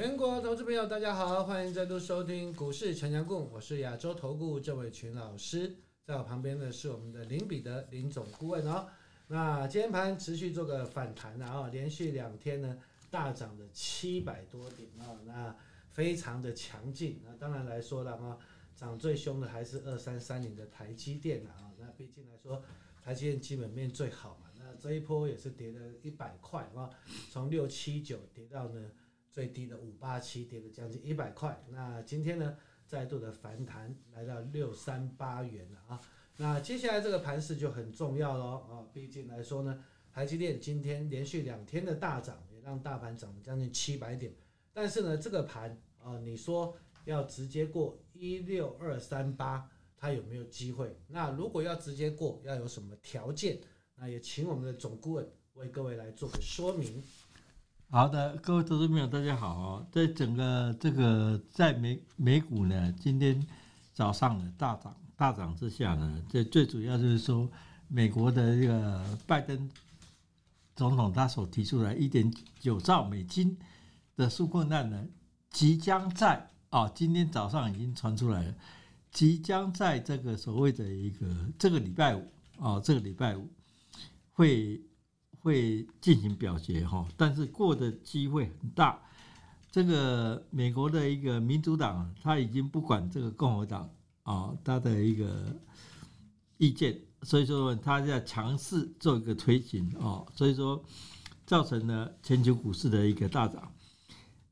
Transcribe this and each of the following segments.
全國投資朋友，大家好，歡迎再度收聽股市強強滾，我是亞洲投顧鄭偉群老師，在我旁邊呢是我們的林彼得林總顧問哦。那今天盤持續做個反彈的啊，連續兩天呢大漲了七百多點啊，那非常的強勁啊。當然來說了嘛，漲最凶的還是二三三零的台積電啊。那畢竟來說，台積電基本面最好嘛，那這一波也是跌了一百塊啊，從六七九跌到呢。最低的五八七，跌了將近一百塊，那今天呢再度的反彈來到六三八元了啊。那接下來這個盤勢就很重要咯啊，畢竟來說呢，台積電今天連續兩天的大漲，也讓大盤漲了將近七百點。但是呢，這個盤啊，你說要直接過一六二三八，它有沒有機會？那如果要直接過，要有什麼條件？那也請我們的總顧問為各位來做個說明。好的，各位投資朋友，大家好、哦！在整個這個在美美股呢，今天早上的大漲，大漲之下呢，這最主要就是說，美國的這個拜登總統他所提出來一點九兆美金的紓困案呢，即將在啊、哦，今天早上已經傳出來了，即將在這個所謂的一個這個禮拜五啊，這個禮拜五會。會進行表決哈，但是過的機會很大。這個美國的一個民主黨，他已經不管這個共和黨啊，他、哦、的一個意見，所以說他在強勢做一個推行啊、哦，所以說造成了全球股市的一個大漲。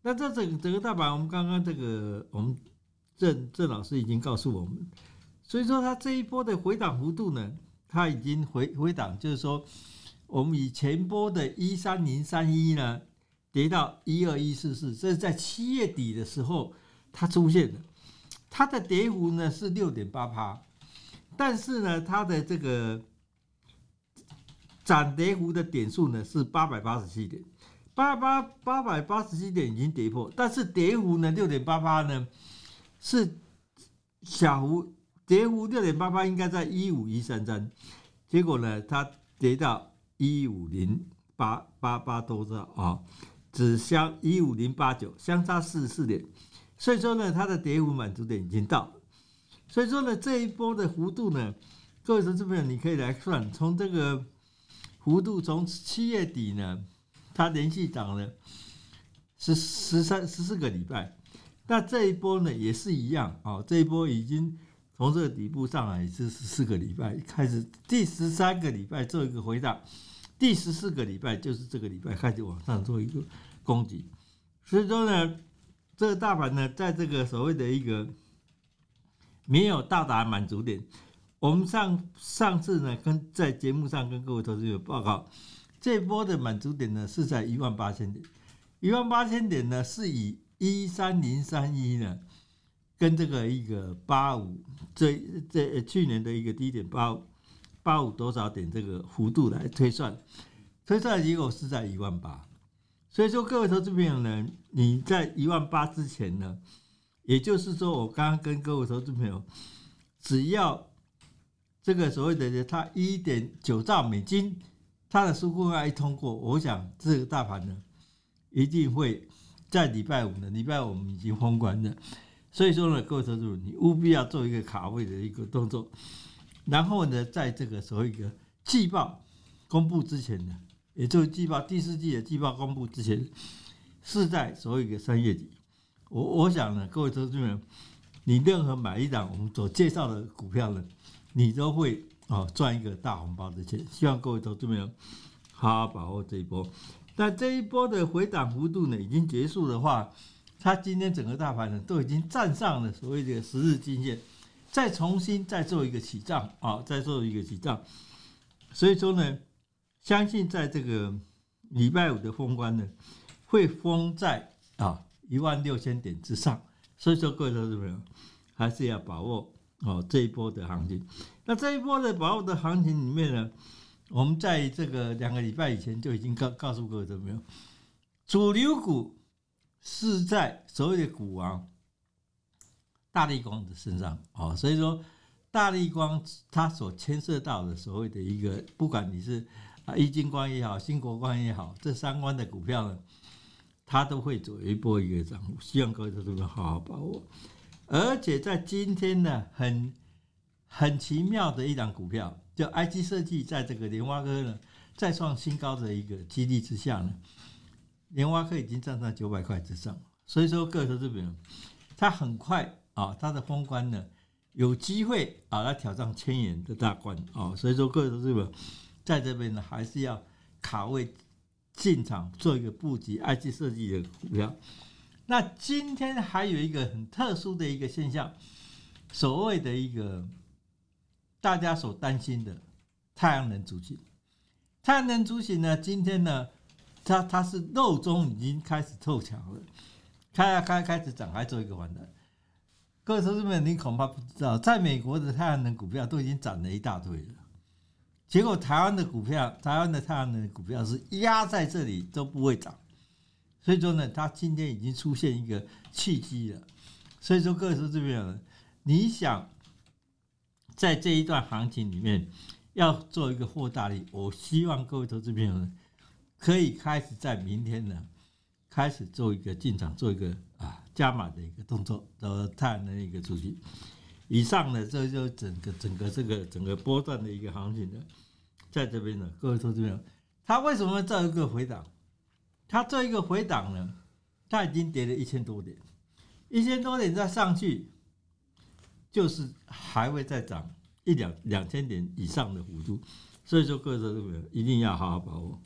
那這整整個大盤，我們剛剛這個，我們鄭鄭老師已經告訴我們，所以說他這一波的回檔幅度呢，他已經回回檔，就是說。我們以前波的一三零三一呢，跌到一二一四四，這是在七月底的時候它出現的，它的跌幅呢是六點八八，但是呢它的這個漲跌幅的點數呢是八百八十七點，八八八百八十七點已經跌破，但是跌幅呢六點八八呢是小幅，跌幅六點八八應該在一五一三三，結果呢它跌到。一五零八八八都知道啊，只相一五零八九，相差四十四點，所以說呢，它的跌幅滿足點已經到，所以說呢，這一波的幅度呢，各位投資朋友，你可以來算，從這個幅度，從七月底呢，它連續漲了十十三十四個禮拜，那這一波呢也是一樣啊、哦，這一波已經。從這個底部上來是十四個禮拜，一開始第十三個禮拜做一個回檔，第十四個禮拜就是這個禮拜開始往上做一個攻擊，所以說呢，這個大盤呢在這個所謂的一個沒有到達滿足點，我們上上次呢跟在節目上跟各位投資朋友有報告，這波的滿足點呢是在一萬八千點，一萬八千點呢是以一三零三一呢。跟這個一個八五，這這去年的一個低點八八五多少點這個幅度來推算，推算結果是在一萬八。所以說，各位投資朋友呢，你在一萬八之前呢，也就是說，我剛剛跟各位投資朋友，只要這個所謂的呢，它一點九兆美金，它的紓困案一通過，我想這個大盤呢，一定會在禮拜五呢，禮拜五已經封關的。所以說呢，各位投資朋友，你務必要做一個卡位的一個動作。然後呢，在這個所謂一個季報公布之前呢，也就是季報第四季的季報公布之前，是在所謂一個三月底。我我想呢，各位投資朋友，你任何買一檔我們所介紹的股票呢，你都會啊賺一個大紅包的錢。希望各位投資朋友好，好好把握這一波。但這一波的回檔幅度呢，已經結束的話。他今天整個大盤呢，都已經站上了所謂的十日均線，再重新再做一個起漲啊、哦，再做一個起漲，所以說呢，相信在這個禮拜五的封關呢，會封在啊，哦，一萬六千點之上。所以說，各位投資朋友還是要把握哦這一波的行情。那這一波的把握的行情裡面呢，我們在這個兩個禮拜以前就已經告告訴各位投資朋友，主流股，是在所謂的股王大立光的身上啊，所以說大立光它所牽涉到的所謂的一個，不管你是啊玉晶光也好，今國光也好，這三光的股票呢，它都會走一波一個漲，我希望各位都能好好把握。而且在今天呢，很很奇妙的一檔股票，就 IC 設計，在這個聯發科呢，再創新高的一個激勵之下呢。.聯發科已經站在九百塊之上，所以說各位投資人，它他很快啊、哦，他的封關呢，有機會啊來、哦、挑戰千元的大關啊、哦，所以說各位投資人在這邊呢還是要卡位進場做一個布局，IC 設計的股票。那今天還有一個很特殊的一個現象，所謂的一個大家所擔心的太陽能族群，太陽能族群呢，今天呢。它他是肉中已經開始湊巧了，開開開始展開做一個反彈。各位投資朋友，你恐怕不知道，在美國的太陽能股票都已經漲了一大堆了，結果台灣的股票，台灣的太陽能股票是壓在這裡都不會漲，所以說呢，它今天已經出現一個契機了，所以說各位投資朋友，你想在這一段行情裡面要做一個獲大利，我希望各位投資朋友。可以開始在明天呢，開始做一個進場，做一個啊加碼的一個動作，然後探那個主題。以上呢，這就是整個整個這個整個波段的一個行情的，在這邊呢，各位投資者，他為什麼這一個回檔？他這一個回檔呢，他已經跌了一千多點，一千多點再上去，就是還會再漲一兩兩千點以上的幅度，所以說各位投資者一定要好好把握。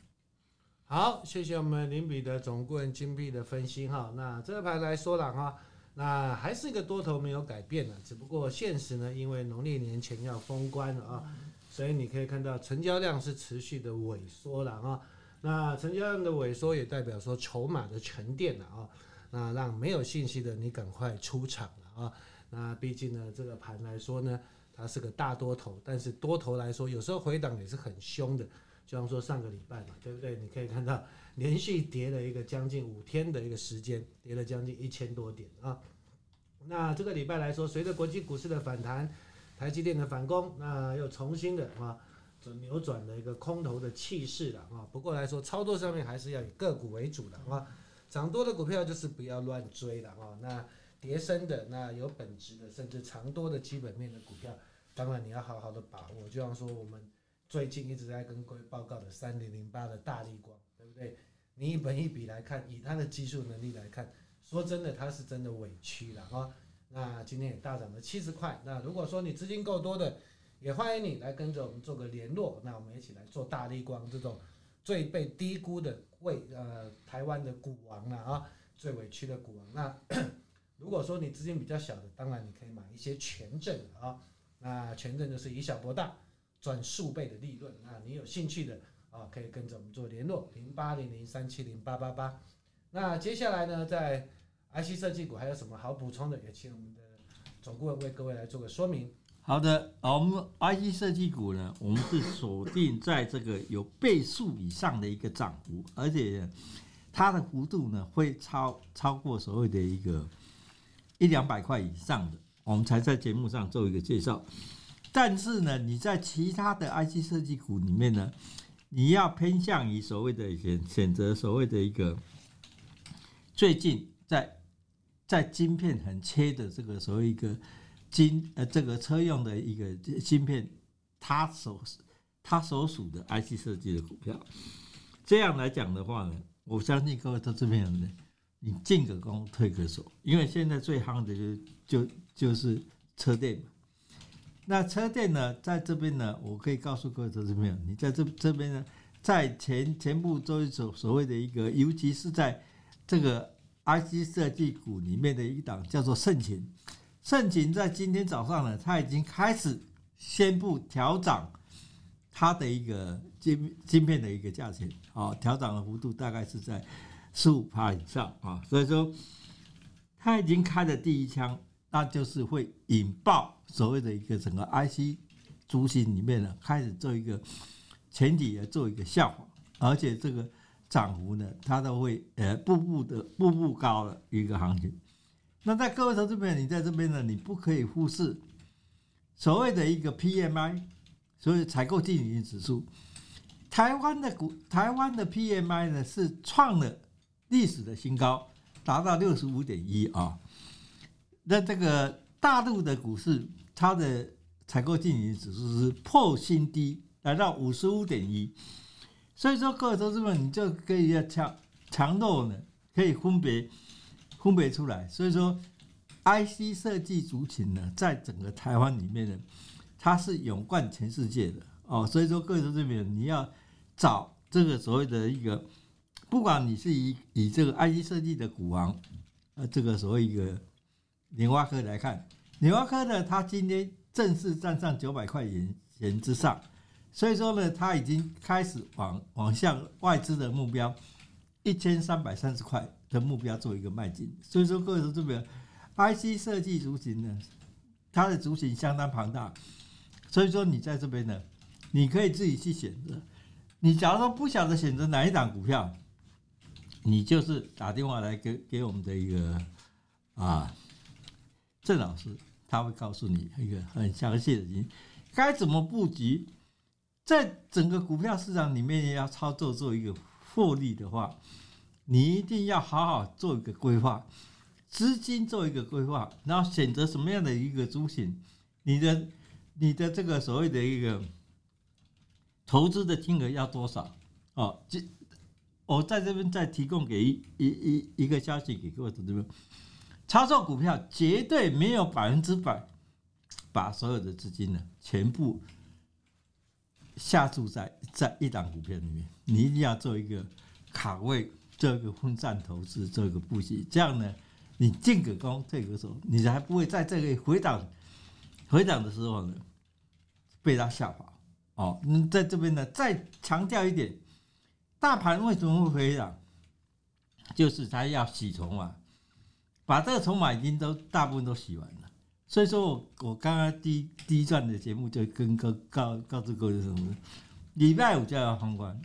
好，謝謝我們林彼得總顧問金幣的分析哈。那這個盤來說了哈，那還是一個多頭沒有改變的，只不過現實呢，因為農曆年前要封關了啊，所以你可以看到成交量是持續的萎縮了啊。那成交量的萎縮也代表說籌碼的沉澱了啊。那讓沒有信息的你趕快出場了啊。那畢竟呢，這個盤來說呢，它是個大多頭，但是多頭來說，有時候回檔也是很兇的。就像說上個禮拜嘛，對不對？你可以看到連續跌了一個將近五天的一個時間，跌了將近一千多點啊。那這個禮拜來說，隨着國際股市的反彈，台積電的反攻，那又重新的啊，就扭轉了一個空頭的氣勢了啊。不過來說，操作上面還是要以個股為主的啊。漲多的股票就是不要亂追了啊。那跌深的，那有本質的甚至漲多的基本面的股票，當然你要好好的把握。就像說我們。最近一直在跟各位報告的三零零八的大立光，對不對？你一本一筆來看，以它的技術能力來看，說真的，它是真的委屈了哈、哦。那今天也大漲了七十塊。那如果說你資金夠多的，也歡迎你來跟着我們做個聯絡。那我們一起來做大立光這種最被低估的為呃，台灣的股王了啊，最委屈的股王。那如果說你資金比較小的，當然你可以買一些權證啊。那權證就是以小博大。賺數倍的利潤，那你有興趣的啊，可以跟着我們做聯絡零八零零三七零八八八。那接下來呢，在 IC 設計股還有什麼好補充的，也請我們的總顧問為各位來做個說明。好的，我們 IC 設計股呢，我們是鎖定在這個有倍數以上的一個漲幅，而且它的幅度呢會超超過所謂的一個一兩百塊以上的，我們才在節目上做一個介紹。但是呢，你在其他的 IC 設計股裡面呢，你要偏向於所謂的選選擇所謂的一個最近在在晶片很缺的這個所謂一個晶呃這個車用的一個芯片，它所它所屬的 IC 設計的股票，這樣來講的話呢，我相信各位都這邊呢，你進可攻退可守，因為現在最夯的就是就就是車電。那車店呢，在這邊呢，我可以告訴各位投資朋友，你在這這邊呢，在前前部做一所所謂的一個，尤其是在這個 IC 設計股裡面的一檔叫做盛群，盛群在今天早上呢，它已經開始宣布調漲它的一個晶晶片的一個價錢，啊、哦，調漲的幅度大概是在十五趴以上啊、哦，所以說，它已經開了第一槍。那就是會引爆所謂的一個整個 IC，族群裡面呢，開始做一個前提，也做一個下滑，而且這個漲幅呢，它都會呃步步的步步高的一個行情。那在各位投資者這邊，你在這邊呢，你不可以忽視所謂的一個 PMI，所謂採購經理指數。台灣的股，台灣的 PMI 呢是創了歷史的新高，達到六十五點一啊。那這個大陸的股市，它的採購經理指數是破新低，來到五十五點一，所以說各位投資朋友，你就可以要強強弱呢，可以分別分別出來。所以說，IC 設計族群呢，在整個台灣裡面呢，它是勇冠全世界的哦。所以說，各位投資朋友，你要找這個所謂的一個，不管你是以以這個 IC 設計的股王，呃，這個所謂一個。聯發科來看，聯發科呢，它今天正式站上九百塊錢元之上，所以說呢，它已經開始往往向外資的目標一千三百三十塊的目標做一個邁進。所以說各位說這邊，IC 設計族群呢，它的族群相當龐大，所以說你在這邊呢，你可以自己去選擇。你假如說不曉得選擇哪一檔股票，你就是打電話來給給我們的一個啊。鄭老師他會告訴你一個很詳細的事情，該怎麼布局，在整個股票市場裡面要操作做一個獲利的話，你一定要好好做一個規劃，資金做一個規劃，然後選擇什麼樣的一個族群，你的你的這個所謂的一個投資的金額要多少？哦，這，我在這邊再提供給一一一個消息給各位同志們。操作股票絕對沒有百分之百把所有的資金呢全部下注在在一檔股票裡面，你一定要做一個卡位，做一個分散投資，做一個布局，這樣呢，你進可攻退可守，你才不會在這個回檔回檔的時候呢被它下滑哦。你在這邊呢再強調一點，大盤為什麼會回檔？就是它要洗籌啊。把這個籌碼已經都大部分都洗完了，所以說我我剛剛第第一段的節目就跟告告告知各位什麼呢，禮拜五就要封關，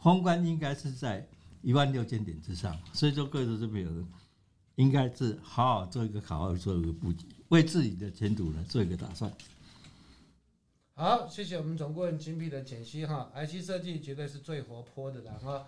封關應該是在一萬六千點之上，所以說各位都是這邊，應該是好好做一個好好做一個布局，為自己的前途呢做一個打算。好，謝謝我們總顧問精闢的解析哈，IC 設計絕對是最活潑的，然後啊、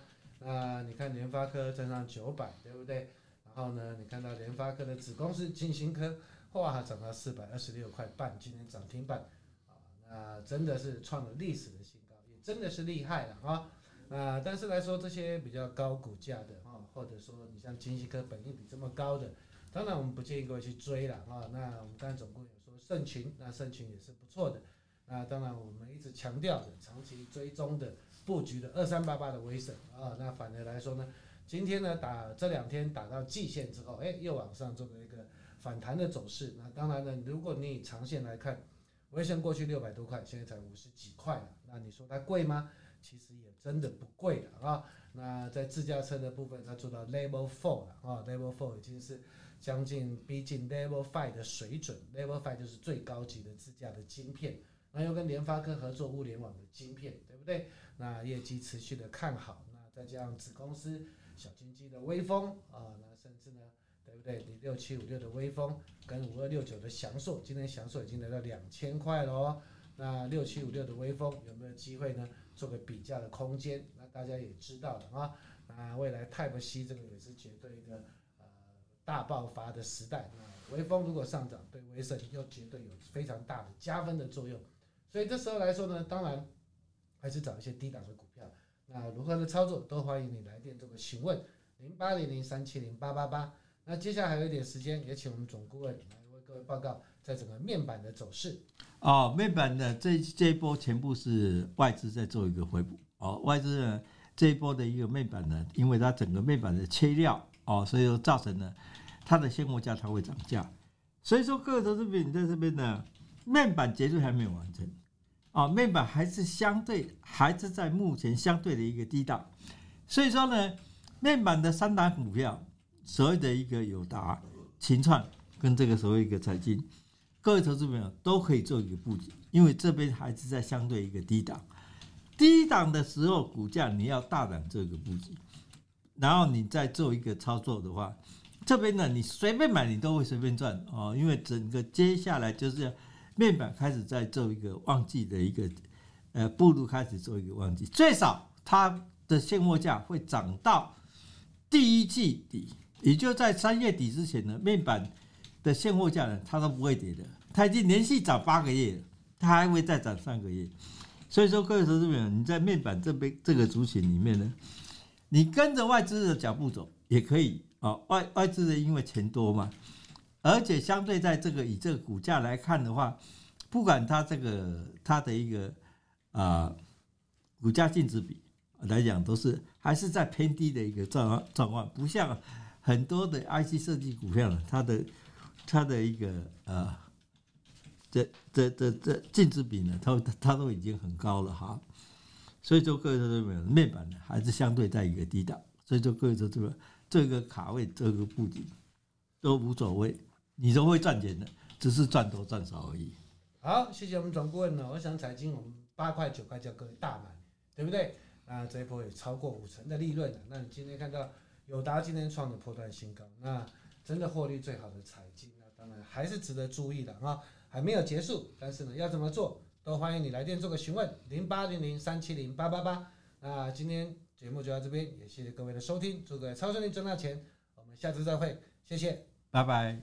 呃，你看聯發科在上九百，對不對？然後呢，你看到聯發科的子公司晶心科哇，漲到四百二十六塊半，今天漲停板啊，那真的是創了歷史的新高，也真的是厲害了啊。啊，但是來說，這些比較高股價的啊，或者說你像晶心科本益比這麼高的，當然我們不建議各位去追了啊。那我們剛才總共有說盛群，那盛群也是不錯的。那當然我們一直強調的長期追蹤的布局的二三八八的威盛啊，那反而來說呢。今天呢，打這兩天打到季線之後，哎，又往上做了一個反彈的走勢。那當然呢，如果你以長線來看，微生過去六百多塊，現在才五十幾塊。那你說它貴嗎？其實也真的不貴的啊，哦。那在自駕車的部分，它做到 Level Four 了啊，Level Four 已經是將近逼近 Level Five 的水準。Level Five 就是最高級的自駕的晶片。那又跟聯發科合作物聯網的晶片，對不對？那業績持續的看好。那再加上子公司。小金雞的威鋒啊，那甚至呢，對不對？你六七五六的威鋒跟五二六九的祥碩，今天祥碩已經來到兩千塊了哦。那六七五六的威鋒有沒有機會呢？做個比較的空間，那大家也知道了啊、哦。那未來 Type-C 這個也是絕對一個呃大爆發的時代。那威鋒如果上漲，對威盛又絕對有非常大的加分的作用。所以這時候來說呢，當然還是找一些低檔的股。那如何的操作都歡迎你來電這個詢問，零八零零三七零八八八。那接下來還有一點時間，也請我們總顧問來為各位報告在整個面板的走勢。哦，面板的這這一波全部是外資在做一個回補。哦，外資呢這一波的一個面板呢，因為它整個面板的切料哦，所以說造成了它的現貨價它會漲價。所以說各個投資品在這邊呢，面板結束還沒有完成。啊、哦，面板還是相對還是在目前相對的一個低檔，所以說呢，面板的三大股票，所謂的一個友達、群創跟這個所謂一個彩晶，各位投資朋友都可以做一個布局，因為這邊還是在相對一個低檔，低檔的時候股價你要大膽做一個布局，然後你再做一個操作的話，這邊呢你隨便買你都會隨便賺啊、哦，因為整個接下來就是。面板開始在做一個旺季的一個，呃，步入開始做一個旺季，最少它的現貨價會漲到第一季底，也就在三月底之前呢，面板的現貨價呢，它都不會跌的，它已經連續漲八個月，它還會再漲三個月，所以說各位投資者，你在面板這邊這個族群裡面呢，你跟着外資的腳步走也可以啊、哦，外外資的因為錢多嘛。而且相對在這個以這個股價來看的話，不管它這個它的一個啊、呃、股價淨值比來講，都是還是在偏低的一個狀狀況，不像很多的 IC 設計股票呢，它的它的一個啊、呃、這這這這淨值比呢，它它都已經很高了哈。所以說各位同學們，面板呢還是相對在一個低檔。所以說各位同學們，這個卡位這個布局都無所謂。你都會賺錢的，只是賺多賺少而已。好，謝謝我們總顧問。我想彩晶我們八塊九塊叫各位大買，對不對？那這一波也超過五成的利潤了。那你今天看到友達今天創的波段新高，那真的獲利最好的彩晶。那當然還是值得注意的啊。還沒有結束，但是呢，要怎麼做，都歡迎你來電做個詢問，零八零零三七零八八八。那今天節目就到這邊，也謝謝各位的收聽，祝各位超順利賺到錢。我們下次再會，謝謝，拜拜。